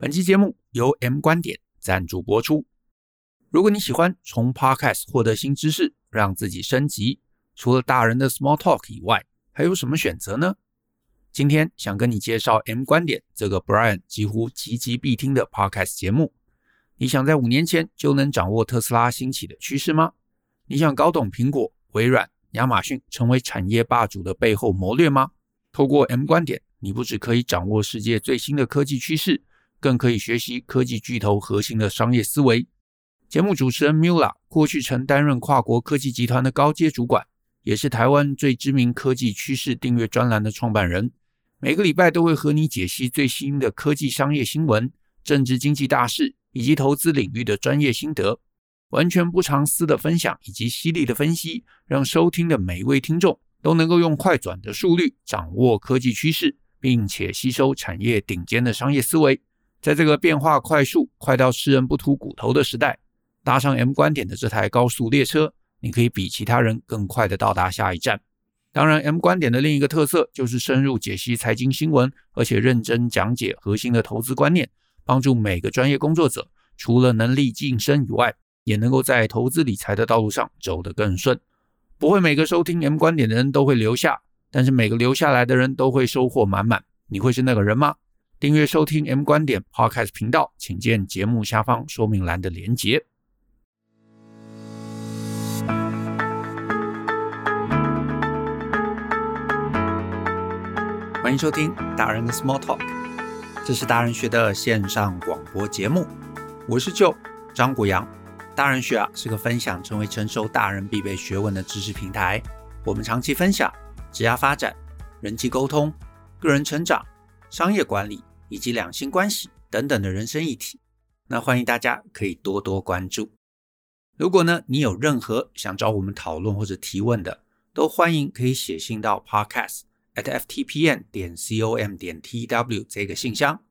本期節目由 M 觀點贊助播出。如果你喜歡從 Podcast 獲得新知識，讓自己升級，除了大人的 Small Talk 以外，還有什麼選擇呢？今天想跟你介紹 M 觀點，這個 Brian 幾乎集集必聽的 Podcast 節目。你想在五年前就能掌握特斯拉興起的趨勢嗎？你想搞懂蘋果、微軟、亞馬遜成為產業霸主的背後謀略嗎？透過 M 觀點，你不只可以掌握世界最新的科技趨勢。更可以學習科技巨頭核心的商業思維。節目主持人 Mula 過去曾擔任跨國科技集團的高階主管，也是台灣最知名科技趨勢訂閱專欄的創辦人。每個禮拜都會和你解析最新的科技商業新聞、政治經濟大事以及投資領域的專業心得。完全不藏私的分享以及犀利的分析，讓收聽的每一位聽眾都能夠用快轉的速率掌握科技趨勢，並且吸收產業頂尖的商業思維。在這個變化快速、快到吃人不吐骨頭的時代，搭上 M 觀點的這台高速列車，你可以比其他人更快地到達下一站。當然，M 觀點的另一個特色就是深入解析財經新聞，而且認真講解核心的投資觀念，幫助每個專業工作者除了能力晉升以外，也能夠在投資理財的道路上走得更順。不會每個收聽 M 觀點的人都會留下，但是每個留下來的人都會收穫滿滿。你會是那個人嗎？訂閱收聽 M 觀點 Podcast 頻道，請見節目下方說明欄的連結。歡迎收聽大人的 Small Talk，這是大人學的線上廣播節目。我是 Joe，張國洋，大人學啊是個分享成為成熟大人必備學問的知識平台。我們長期分享職業發展、人際溝通、個人成長、商業管理。以及兩性關係等等的人生議題，那歡迎大家可以多多關注。如果呢，你有任何想找我們討論或者提問的，都歡迎可以寫信到 podcast at ftpm 點 com 點 tw 這個信箱。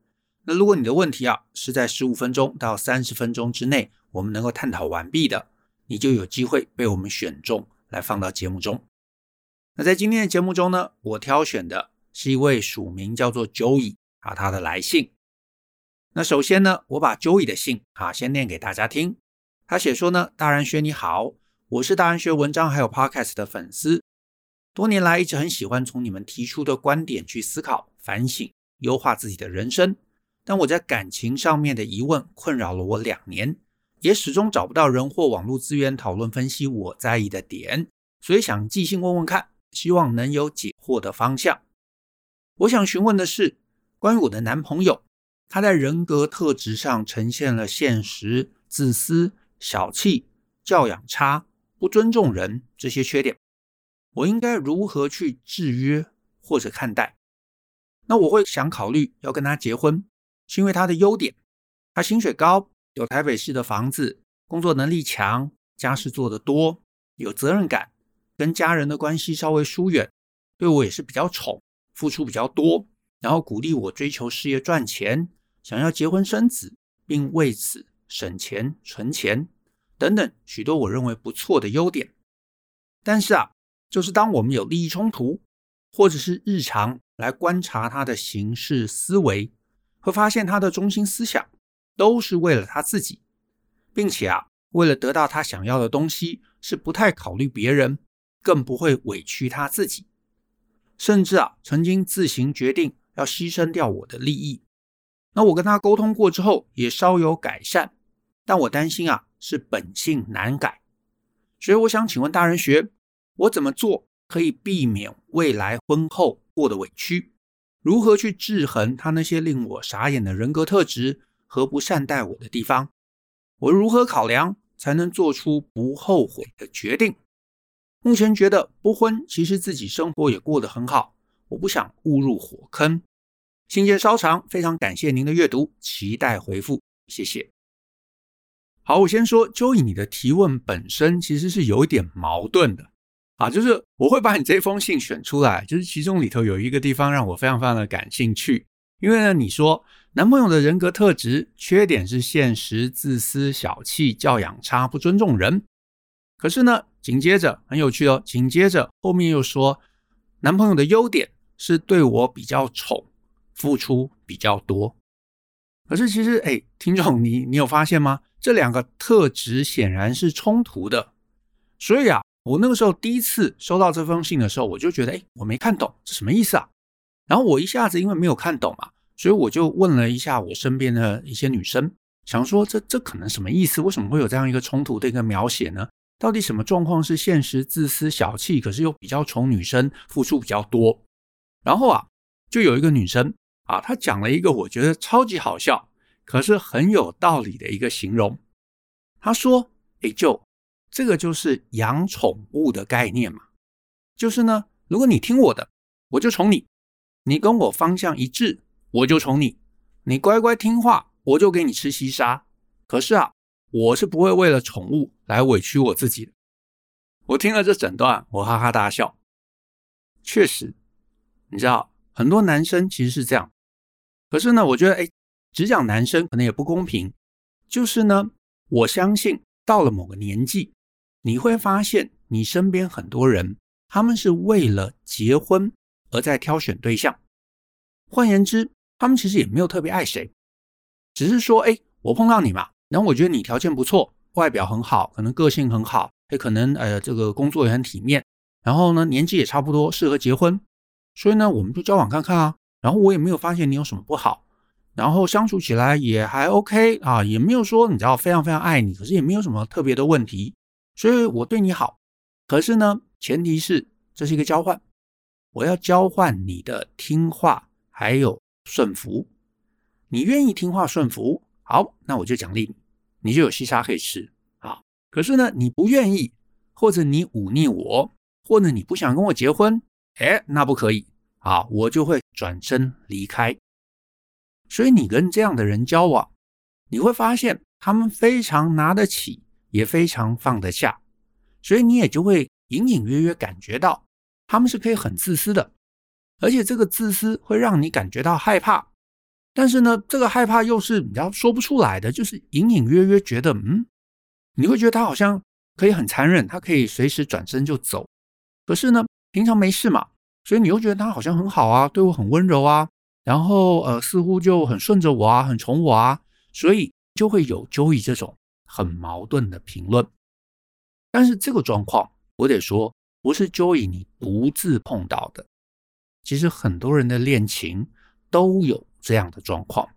那如果你的問題啊是在十五分鐘到三十分鐘之內，我們能夠探討完畢的，你就有機會被我們選中來放到節目中。那在今天的節目中呢，我挑選的是一位署名叫做 Joy。啊，他的來信。那首先呢，我把 Joy 的信啊先念給大家聽。他寫說呢，大人學你好，我是大人學文章還有 Podcast 的粉絲，多年來一直很喜歡從你們提出的觀點去思考、反省、優化自己的人生。但我在感情上面的疑問困擾了我兩年，也始終找不到人或網絡資源討論分析我在意的點，所以想寄信問問看，希望能有解惑的方向。我想詢問的是。關於我的男朋友，他在人格特質上呈現了現實、自私、小氣、教養差、不尊重人這些缺點。我應該如何去制約或者看待？那我會想考慮要跟他結婚，是因為他的優點。他薪水高，有台北市的房子，工作能力強，家事做得多，有責任感，跟家人的關係稍微疏遠，對我也是比較寵，付出比較多。然後鼓勵我追求事業賺錢，想要結婚生子，並為此省錢存錢等等許多我認為不錯的優點。但是啊，就是當我們有利益衝突，或者是日常來觀察他的行事思維，會發現他的中心思想都是為了他自己，並且啊，為了得到他想要的東西是不太考慮別人，更不會委屈他自己，甚至啊，曾經自行決定。要犧牲掉我的利益，那我跟他溝通過之後也稍有改善，但我擔心啊是本性難改，所以我想請問大人學，我怎麼做可以避免未來婚後過得委屈？如何去制衡他那些令我傻眼的人格特質和不善待我的地方？我如何考量才能做出不後悔的決定？目前覺得不婚，其實自己生活也過得很好，我不想誤入火坑。情節稍長，非常感謝您的閱讀，期待回復，謝謝。好，我先說，就以你的提問本身其實是有一點矛盾的啊，就是我會把你這封信選出來，就是其中裡頭有一個地方讓我非常非常的感興趣，因為呢，你說男朋友的人格特質缺點是現實、自私、小氣、教養差、不尊重人，可是呢，緊接着很有趣哦，緊接着後面又說男朋友的優點是對我比較寵。付出比較多，可是其實哎、欸，聽眾你你有發現嗎？這兩個特質顯然是衝突的。所以啊，我那個時候第一次收到這封信的時候，我就覺得哎、欸，我沒看懂這什麼意思啊。然後我一下子因為沒有看懂嘛，所以我就問了一下我身邊的一些女生，想說，這這可能什麼意思？為什麼會有這樣一個衝突的一個描寫呢？到底什麼狀況是現實、自私小氣，可是又比較寵女生，付出比較多。然後啊，就有一個女生。啊，他講了一個我覺得超級好笑，可是很有道理的一個形容。他說：“哎、欸，就這個就是養寵物的概念嘛，就是呢，如果你聽我的，我就寵你；你跟我方向一致，我就寵你；你乖乖聽話，我就給你吃西沙。可是啊，我是不會為了寵物來委屈我自己的。”我聽了這整段，我哈哈大笑。確實，你知道很多男生其實是這樣。可是呢，我覺得，哎，只講男生可能也不公平。就是呢，我相信到了某個年紀，你會發現你身邊很多人，他們是為了結婚而在挑選對象。換言之，他們其實也沒有特別愛誰，只是說，哎，我碰到你嘛，然後我覺得你條件不錯，外表很好，可能個性很好，也可能呃，這個工作也很體面，然後呢，年紀也差不多，適合結婚，所以呢，我們就交往看看啊。然後我也沒有發現你有什麼不好，然後相處起來也還 OK 啊，也沒有說你知道非常非常愛你，可是也沒有什麼特別的問題，所以我對你好，可是呢，前提是這是一個交換，我要交換你的聽話還有順服，你願意聽話順服，好，那我就獎勵你，你就有西沙可以吃啊。好，可是呢，你不願意，或者你忤逆我，或者你不想跟我結婚，哎，那不可以。啊，我就會轉身離開。所以你跟這樣的人交往，你會發現他們非常拿得起，也非常放得下。所以你也就會隱隱約約感覺到，他們是可以很自私的，而且這個自私會讓你感覺到害怕。但是呢，這個害怕又是你要說不出來的，就是隱隱約約覺得，嗯，你會覺得他好像可以很殘忍，他可以隨時轉身就走。可是呢，平常沒事嘛。所以你又覺得他好像很好啊，對我很溫柔啊，然後呃似乎就很順着我啊，很寵我啊，所以就會有 Joy 這種很矛盾的評論。但是這個狀況，我得說不是 Joy 你獨自碰到的，其實很多人的戀情都有這樣的狀況。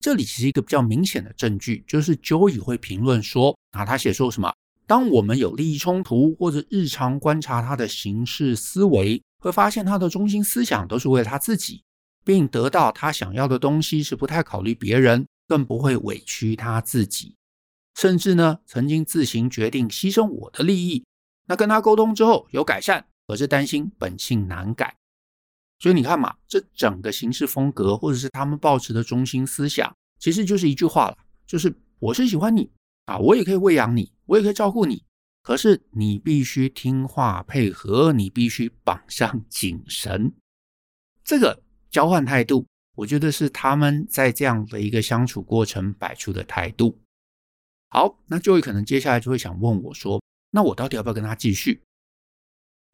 這裡其實一個比較明顯的證據就是 Joy 會評論說，啊，他寫說什麼？當我們有利益衝突或者日常觀察他的行事思維。會發現他的中心思想都是為了他自己，並得到他想要的東西是不太考慮別人，更不會委屈他自己，甚至呢曾經自行決定犧牲我的利益。那跟他溝通之後有改善，可是擔心本性難改。所以你看嘛，這整個行事風格或者是他們抱持的中心思想，其實就是一句話了，就是我是喜歡你啊，我也可以餵養你，我也可以照顧你。可是你必須聽話配合，你必須綁上緊繩，這個交換態度，我覺得是他們在這樣的一個相處過程擺出的態度。好，那就會可能接下來就會想問我說，那我到底要不要跟他繼續？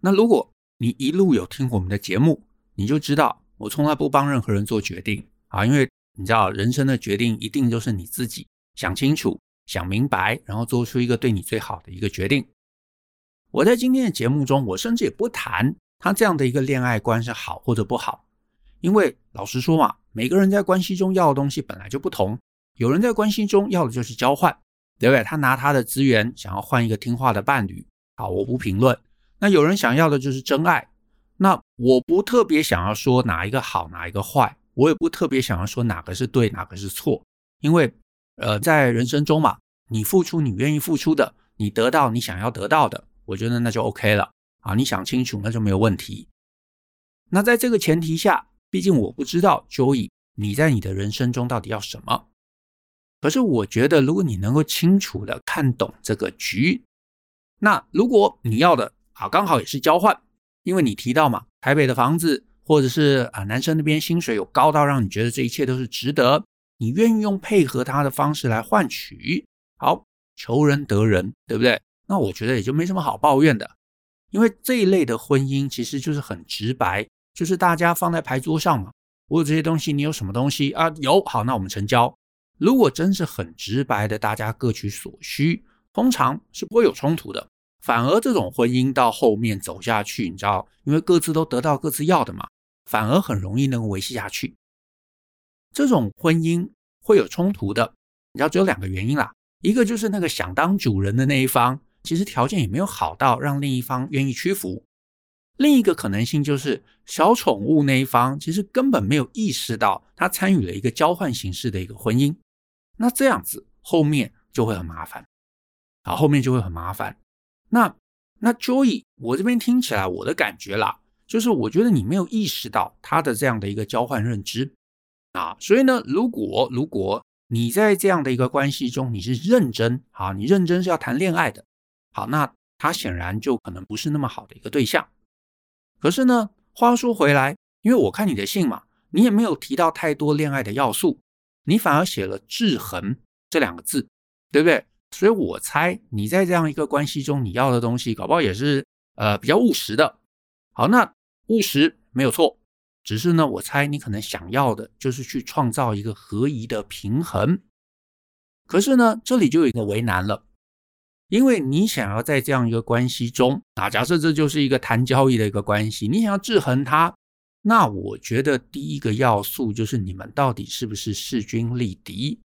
那如果你一路有聽我們的節目，你就知道我從來不幫任何人做決定啊，因為你知道人生的決定一定都是你自己想清楚。想明白，然後做出一個對你最好的一個決定。我在今天的節目中，我甚至也不談他這樣的一個戀愛觀是好或者不好，因為老實說嘛，每個人在關係中要的東西本來就不同。有人在關係中要的就是交換，對不對？他拿他的資源想要換一個聽話的伴侶，好，我不評論。那有人想要的就是真愛，那我不特別想要說哪一個好，哪一個壞，我也不特別想要說哪個是對，哪個是錯，因為。呃，在人生中嘛，你付出你願意付出的，你得到你想要得到的，我覺得那就 OK 了啊。你想清楚，那就沒有問題。那在這個前提下，畢竟我不知道 Joy 你在你的人生中到底要什麼。可是我覺得，如果你能夠清楚的看懂這個局，那如果你要的啊，剛好也是交換，因為你提到嘛，台北的房子，或者是啊、呃，男生那邊薪水有高到讓你覺得這一切都是值得。你願意用配合他的方式來換取，好，求仁得仁，對不對？那我覺得也就沒什麼好抱怨的，因為這一類的婚姻其實就是很直白，就是大家放在牌桌上嘛。我有這些東西，你有什麼東西？啊，有，好，那我們成交。如果真是很直白的，大家各取所需，通常是不會有衝突的。反而這種婚姻到後面走下去，你知道，因為各自都得到各自要的嘛，反而很容易能夠維繫下去。這種婚姻會有衝突的，你知道，只有兩個原因啦。一個就是那個想當主人的那一方，其實條件也沒有好到讓另一方願意屈服。另一個可能性就是小寵物那一方，其實根本沒有意識到他參與了一個交換形式的一個婚姻。那這樣子後面就會很麻煩，啊，後面就會很麻煩。那那 Joy，我這邊聽起來我的感覺啦，就是我覺得你沒有意識到他的這樣的一個交換認知。啊，所以呢，如果如果你在這樣的一個關係中，你是認真啊，你認真是要談戀愛的，好，那他顯然就可能不是那麼好的一個對象。可是呢，話說回來，因為我看你的信嘛，你也沒有提到太多戀愛的要素，你反而寫了“制衡”這兩個字，對不對？所以我猜你在這樣一個關係中，你要的東西搞不好也是呃比較務實的。好，那務實沒有錯。只是呢，我猜你可能想要的就是去創造一個合宜的平衡。可是呢，這裡就有一個為難了，因為你想要在這樣一個關係中，啊，假設這就是一個談交易的一個關係，你想要制衡它，那我覺得第一個要素就是你們到底是不是勢均力敵。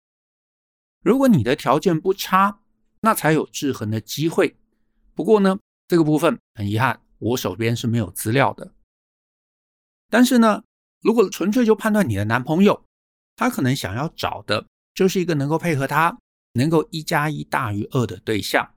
如果你的條件不差，那才有制衡的機會。不過呢，這個部分很遺憾，我手邊是沒有資料的。但是呢，如果純粹就判斷你的男朋友，他可能想要找的，就是一個能夠配合他，能夠一加一大於二的對象。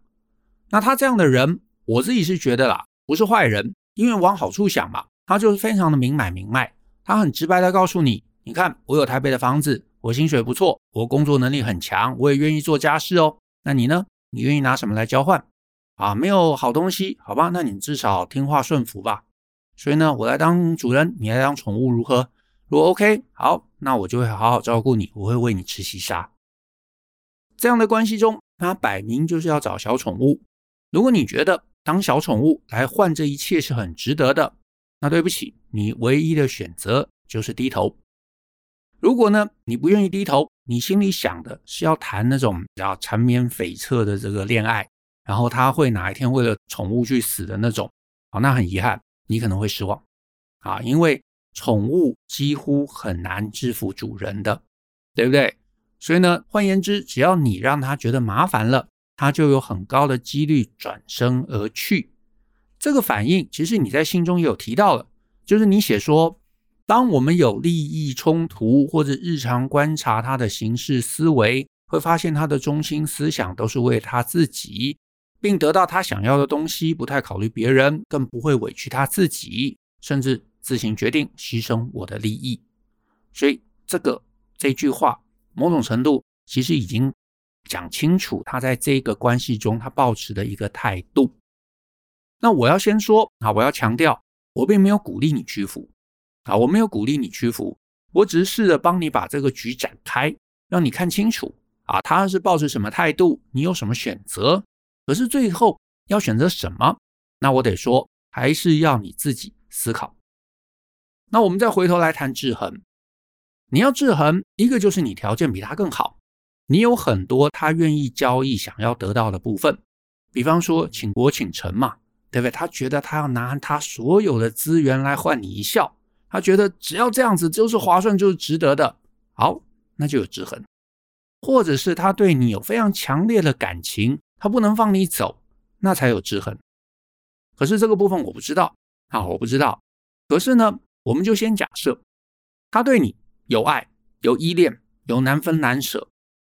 那他這樣的人，我自己是覺得啦，不是壞人，因為往好處想嘛，他就是非常的明買明賣，他很直白的告訴你，你看我有台北的房子，我薪水不錯，我工作能力很強，我也願意做家事哦。那你呢？你願意拿什麼來交換？啊，沒有好東西，好吧，那你至少聽話順服吧。所以呢，我來當主人，你來當寵物，如何？如果 OK，好，那我就會好好照顧你，我會餵你吃西莎。這樣的關係中，他擺明就是要找小寵物。如果你覺得當小寵物來換這一切是很值得的，那對不起，你唯一的選擇就是低頭。如果呢，你不願意低頭，你心裡想的是要談那種比較纏綿悱惻的這個戀愛，然後他會哪一天為了寵物去死的那種，好，那很遺憾。你可能會失望，啊，因為寵物幾乎很難制服主人的，對不對？所以呢，換言之，只要你讓他覺得麻煩了，他就有很高的幾率轉身而去。這個反應，其實你在信中也有提到了，就是你寫說，當我們有利益衝突或者日常觀察他的行事思維，會發現他的中心思想都是為他自己並得到他想要的東西，不太考慮別人，更不會委屈他自己，甚至自行決定犧牲我的利益。所以，這個，這個這句話某種程度其實已經講清楚，他在這個關係中他抱持的一個態度。那我要先說，啊，我要強調，我並沒有鼓勵你屈服，啊，我沒有鼓勵你屈服，我只是試着幫你把這個局展開，讓你看清楚，啊，他是抱持什麼態度，你有什麼選擇。可是最後要選擇什麼？那我得說，還是要你自己思考。那我們再回頭來談制衡。你要制衡，一個就是你條件比他更好，你有很多他願意交易、想要得到的部分。比方說，傾國傾城嘛，對不對？他覺得他要拿他所有的資源來換你一笑，他覺得只要這樣子就是划算，就是值得的。好，那就有制衡。或者是他對你有非常強烈的感情。他不能放你走，那才有制衡。可是這個部分我不知道啊，我不知道。可是呢，我們就先假設，他對你有愛、有依戀、有難分難捨，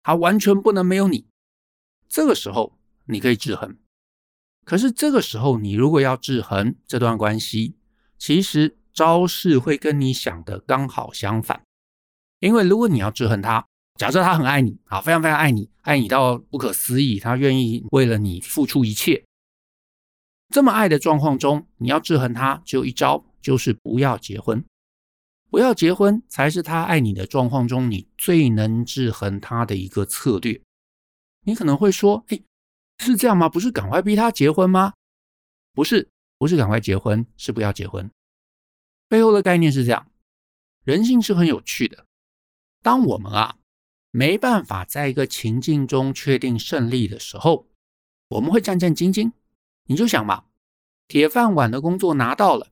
他完全不能沒有你。這個時候你可以制衡。可是這個時候，你如果要制衡這段關係，其實招式會跟你想的剛好相反。因為如果你要制衡他，假設他很愛你啊，非常非常愛你，愛你到不可思議，他願意為了你付出一切。這麼愛的狀況中，你要制衡他，只有一招，就是不要結婚。不要結婚才是他愛你的狀況中，你最能制衡他的一個策略。你可能會說：“哎、欸，是這樣嗎？不是趕快逼他結婚嗎？”不是，不是趕快結婚，是不要結婚。背後的概念是這樣：人性是很有趣的。當我們啊。沒辦法，在一個情境中確定勝利的時候，我們會戰戰兢兢。你就想嘛，鐵飯碗的工作拿到了，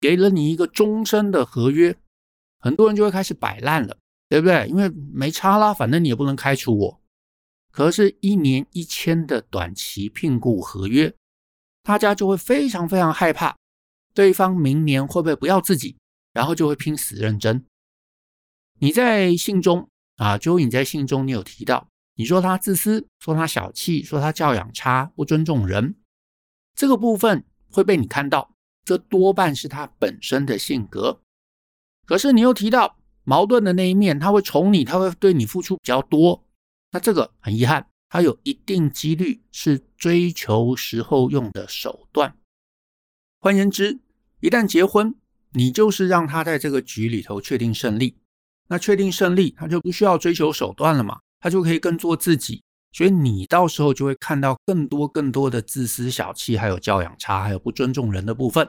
給了你一個終身的合約，很多人就會開始擺爛了，對不對？因為沒差啦，反正你也不能開除我。可是，一年一簽的短期聘僱合約，大家就會非常非常害怕，對方明年會不會不要自己，然後就會拼死認真。你在信中。啊，Joy 你在信中你有提到，你說他自私，說他小氣，說他教養差，不尊重人，這個部分會被你看到，這多半是他本身的性格。可是你又提到矛盾的那一面，他會寵你，他會對你付出比較多。那這個很遺憾，他有一定幾率是追求時候用的手段。換言之，一旦結婚，你就是讓他在這個局裡頭確定勝利。那確定勝利，他就不需要追求手段了嘛，他就可以更做自己。所以你到時候就會看到更多更多的自私、小氣，還有教養差，還有不尊重人的部分。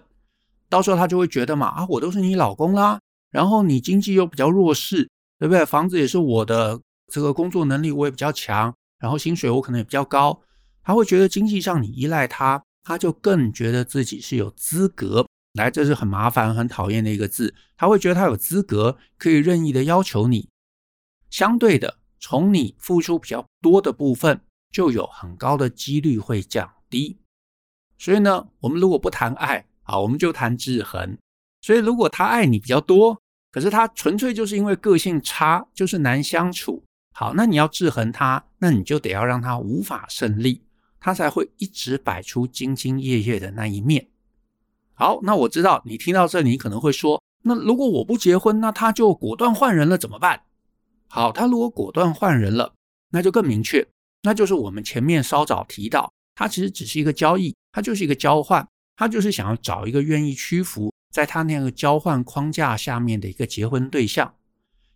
到時候他就會覺得嘛，啊，我都是你老公啦，然後你經濟又比較弱勢，對不對？房子也是我的，這個工作能力我也比較強，然後薪水我可能也比較高，他會覺得經濟上你依賴他，他就更覺得自己是有資格。來，這是很麻煩、很討厭的一個字。他會覺得他有資格可以任意的要求你。相對的，從你付出比較多的部分，就有很高的幾率會降低。所以呢，我們如果不談愛，好，我們就談制衡。所以如果他愛你比較多，可是他純粹就是因為個性差，就是難相處。好，那你要制衡他，那你就得要讓他無法勝利，他才會一直擺出兢兢業業的那一面。好，那我知道你聽到這裡，你可能會說，那如果我不結婚，那他就果斷換人了，怎麼辦？好，他如果果斷換人了，那就更明確，那就是我們前面稍早提到，他其實只是一個交易，他就是一個交換，他就是想要找一個願意屈服在他那個交換框架下面的一個結婚對象，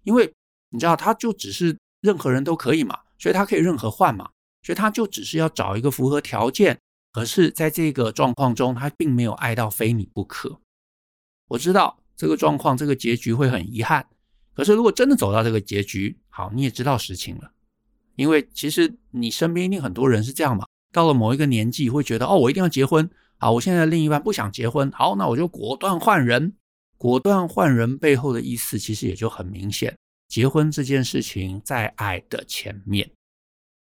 因為你知道，他就只是任何人都可以嘛，所以他可以任何換嘛，所以他就只是要找一個符合條件。可是，在這個狀況中，他並沒有愛到非你不可。我知道這個狀況、這個結局會很遺憾。可是，如果真的走到這個結局，好，你也知道實情了。因為其實你身邊一定很多人是這樣嘛，到了某一個年紀，會覺得哦，我一定要結婚。好，我現在另一半不想結婚，好，那我就果斷換人。果斷換人背後的意思，其實也就很明顯：結婚這件事情在愛的前面，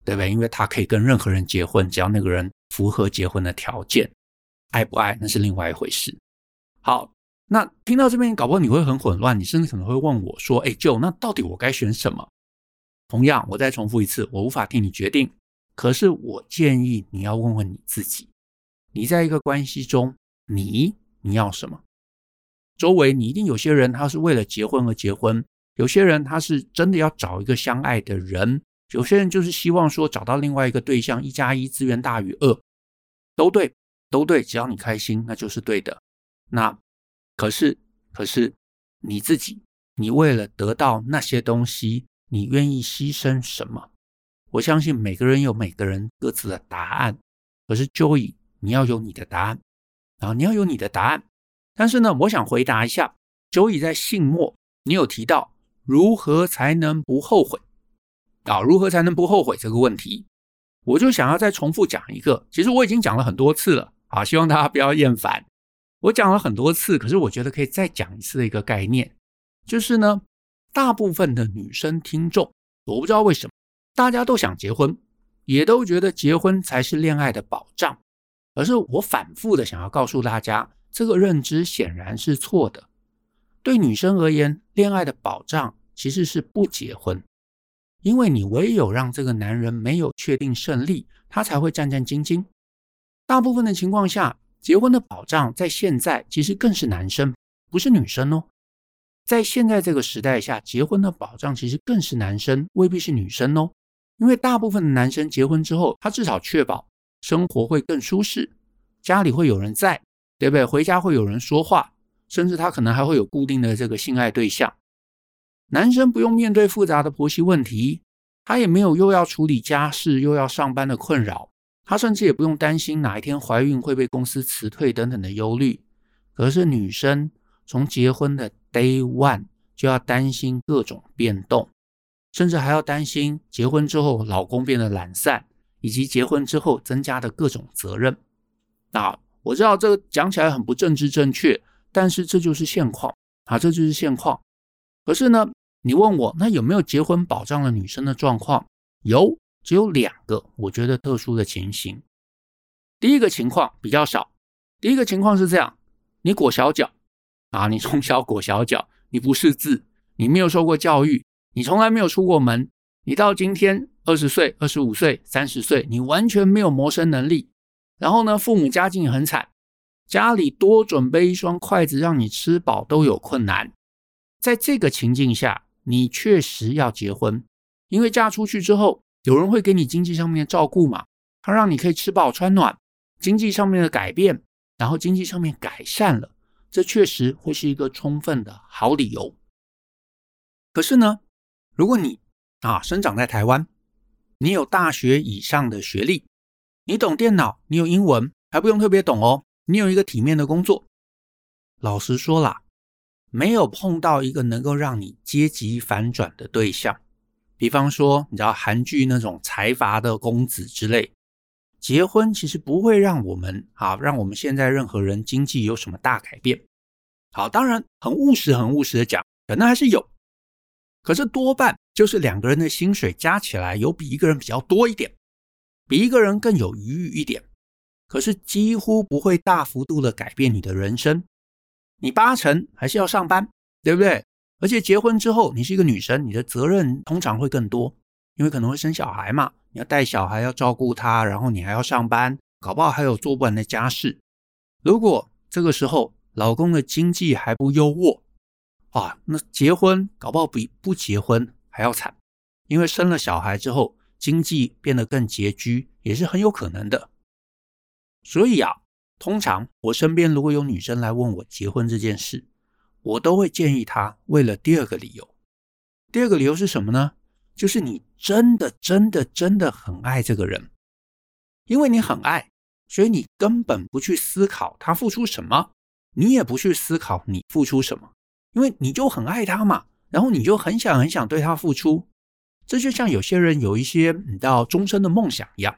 對不對？因為他可以跟任何人結婚，只要那個人。符合結婚的條件，愛不愛那是另外一回事。好，那聽到這邊，搞不好你會很混亂，你甚至可能會問我說：“哎、欸，Joe，那到底我該選什麼？”同樣，我再重複一次，我無法替你決定，可是我建議你要問問你自己：你在一個關係中，你你要什麼？周圍你一定有些人，他是為了結婚而結婚；有些人他是真的要找一個相愛的人；有些人就是希望說找到另外一個對象，一加一資源大於二。都對，都對，只要你開心，那就是對的。那可是，可是你自己，你為了得到那些東西，你願意犧牲什麼？我相信每個人有每個人各自的答案。可是 Joy，你要有你的答案，啊，你要有你的答案。但是呢，我想回答一下，Joy 在信末你有提到如何才能不後悔啊？如何才能不後悔這個問題？我就想要再重複講一個，其實我已經講了很多次了，好，希望大家不要厭煩。我講了很多次，可是我覺得可以再講一次的一個概念，就是呢，大部分的女生聽眾，我不知道為什麼大家都想結婚，也都覺得結婚才是戀愛的保障，可是我反覆的想要告訴大家，這個認知顯然是錯的。對女生而言，戀愛的保障其實是不結婚。因為你唯有讓這個男人沒有確定勝利，他才會戰戰兢兢。大部分的情況下，結婚的保障在現在其實更是男生，不是女生哦。在現在這個時代下，結婚的保障其實更是男生，未必是女生哦。因為大部分的男生結婚之後，他至少確保生活會更舒適，家裡會有人在，對不對？回家會有人說話，甚至他可能還會有固定的這個性愛對象。男生不用面對複雜的婆媳問題，他也沒有又要處理家事又要上班的困擾，他甚至也不用擔心哪一天懷孕會被公司辭退等等的憂慮。可是女生從結婚的 day one 就要擔心各種變動，甚至還要擔心結婚之後老公變得懶散，以及結婚之後增加的各種責任。那，我知道這個講起來很不政治正確，但是這就是現況啊，這就是現況。可是呢？你問我那有沒有結婚保障了女生的狀況？有，只有兩個，我覺得特殊的情形。第一個情況比較少。第一個情況是這樣：你裹小腳啊，你從小裹小腳，你不識字，你沒有受過教育，你從來沒有出過門，你到今天二十歲、二十五歲、三十歲，你完全沒有謀生能力。然後呢，父母家境很慘，家裡多準備一雙筷子讓你吃飽都有困難。在這個情境下。你確實要結婚，因為嫁出去之後，有人會給你經濟上面的照顧嘛，他讓你可以吃飽穿暖，經濟上面的改變，然後經濟上面改善了，這確實會是一個充分的好理由。可是呢，如果你啊生長在台灣，你有大學以上的學歷，你懂電腦，你有英文，還不用特別懂哦，你有一個體面的工作，老實說啦，沒有碰到一個能夠讓你階級反轉的對象，比方說，你知道韓劇那種財閥的公子之類，結婚其實不會讓我們啊，讓我們現在任何人經濟有什麼大改變。好，當然很務實，很務實的講，可能還是有，可是多半就是兩個人的薪水加起來有比一個人比較多一點，比一個人更有餘裕裕一點，可是幾乎不會大幅度的改變你的人生。你八成還是要上班，對不對？而且結婚之後，你是一個女生，你的責任通常會更多，因為可能會生小孩嘛，你要帶小孩，要照顧他，然後你還要上班，搞不好還有做不完的家事。如果這個時候老公的經濟還不優渥，啊，那結婚搞不好比不結婚還要慘，因為生了小孩之後，經濟變得更拮據，也是很有可能的。所以啊。通常，我身邊如果有女生來問我結婚這件事，我都會建議她為了第二個理由。第二個理由是什麼呢？就是你真的、真的、真的很愛這個人，因為你很愛，所以你根本不去思考他付出什麼，你也不去思考你付出什麼，因為你就很愛他嘛。然後你就很想、很想對他付出。這就像有些人有一些你到終身的夢想一樣，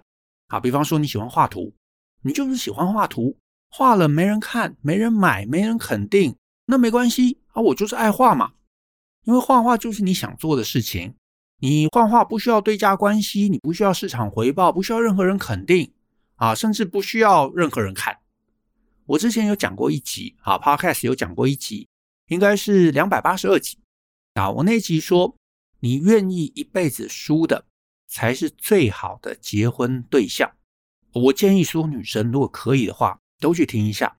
啊，比方說你喜歡畫圖。你就是喜歡畫圖，畫了沒人看，沒人買，沒人肯定，那沒關係啊，我就是愛畫嘛。因為畫畫就是你想做的事情，你畫畫不需要對價關係，你不需要市場回報，不需要任何人肯定啊，甚至不需要任何人看。我之前有講過一集啊，Podcast 有講過一集，應該是兩百八十二集啊。我那集說，你願意一輩子輸的，才是最好的結婚對象。我建議說，女生如果可以的話，都去聽一下。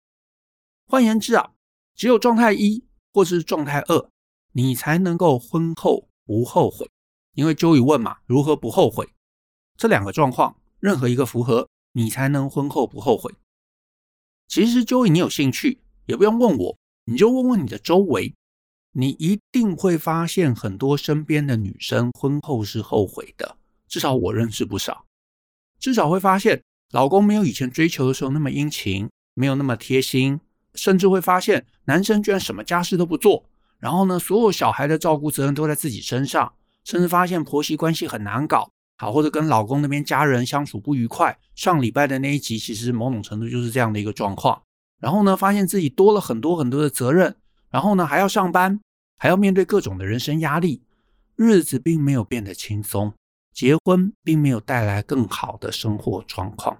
換言之啊，只有狀態一或是狀態二，你才能夠婚後不後悔。因為 Joy 問嘛，如何不後悔？這兩個狀況，任何一個符合，你才能婚後不後悔。其實 Joy，你有興趣也不用問我，你就問問你的周圍，你一定會發現很多身邊的女生婚後是後悔的，至少我認識不少，至少會發現。老公沒有以前追求的時候那麼殷勤，沒有那麼貼心，甚至會發現男生居然什麼家事都不做，然後呢，所有小孩的照顧責任都在自己身上，甚至發現婆媳關係很難搞，好，或者跟老公那邊家人相處不愉快。上禮拜的那一集其實某種程度就是這樣的一個狀況。然後呢，發現自己多了很多很多的責任，然後呢，還要上班，還要面對各種的人生壓力，日子並沒有變得輕鬆。結婚並沒有帶來更好的生活狀況，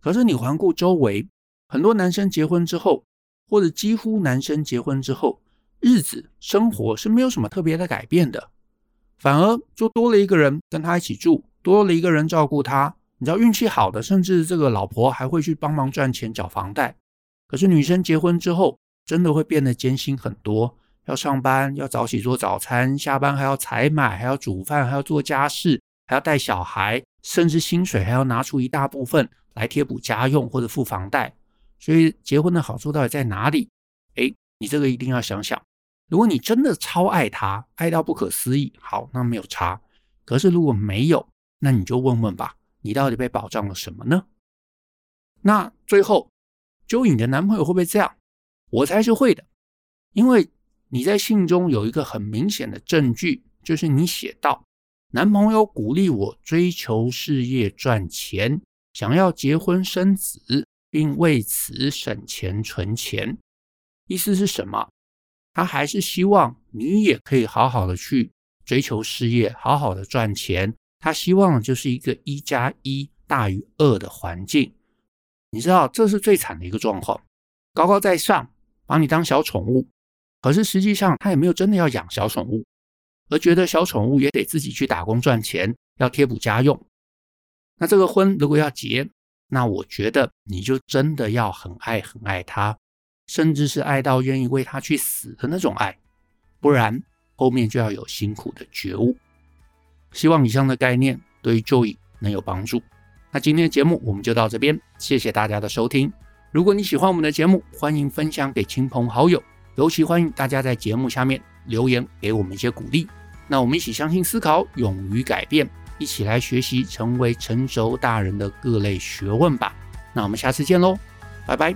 可是你環顧周圍，很多男生結婚之後，或者幾乎男生結婚之後，日子生活是沒有什麼特別的改變的，反而就多了一個人跟他一起住，多了一個人照顧他。你知道運氣好的，甚至這個老婆還會去幫忙賺錢繳房貸，可是女生結婚之後，真的會變得艱辛很多。要上班，要早起做早餐，下班還要採買，還要煮飯，還要做家事，還要帶小孩，甚至薪水還要拿出一大部分來貼補家用或者付房貸。所以結婚的好處到底在哪裡？哎、欸，你這個一定要想想。如果你真的超愛他，愛到不可思議，好，那沒有差。可是如果沒有，那你就問問吧，你到底被保障了什麼呢？那最後，究竟你的男朋友會不會這樣？我猜是會的，因為。你在信中有一個很明顯的證據，就是你寫到，男朋友鼓勵我追求事業賺錢，想要結婚生子，並為此省錢存錢。意思是什麼？他還是希望你也可以好好的去追求事業，好好的賺錢。他希望的就是一個一加一大於二的環境。你知道這是最慘的一個狀況，高高在上，把你當小寵物。可是實際上，他也沒有真的要養小寵物，而覺得小寵物也得自己去打工賺錢，要貼補家用。那這個婚如果要結，那我覺得你就真的要很愛很愛他，甚至是愛到願意為他去死的那種愛，不然後面就要有辛苦的覺悟。希望以上的概念對於 Joy 能有幫助。那今天的節目我們就到這邊，謝謝大家的收聽。如果你喜歡我們的節目，歡迎分享給親朋好友。尤其歡迎大家在節目下面留言，給我們一些鼓勵。那我們一起相信、思考、勇於改變，一起來學習成為成熟大人的各類學問吧。那我們下次見嘍，拜拜。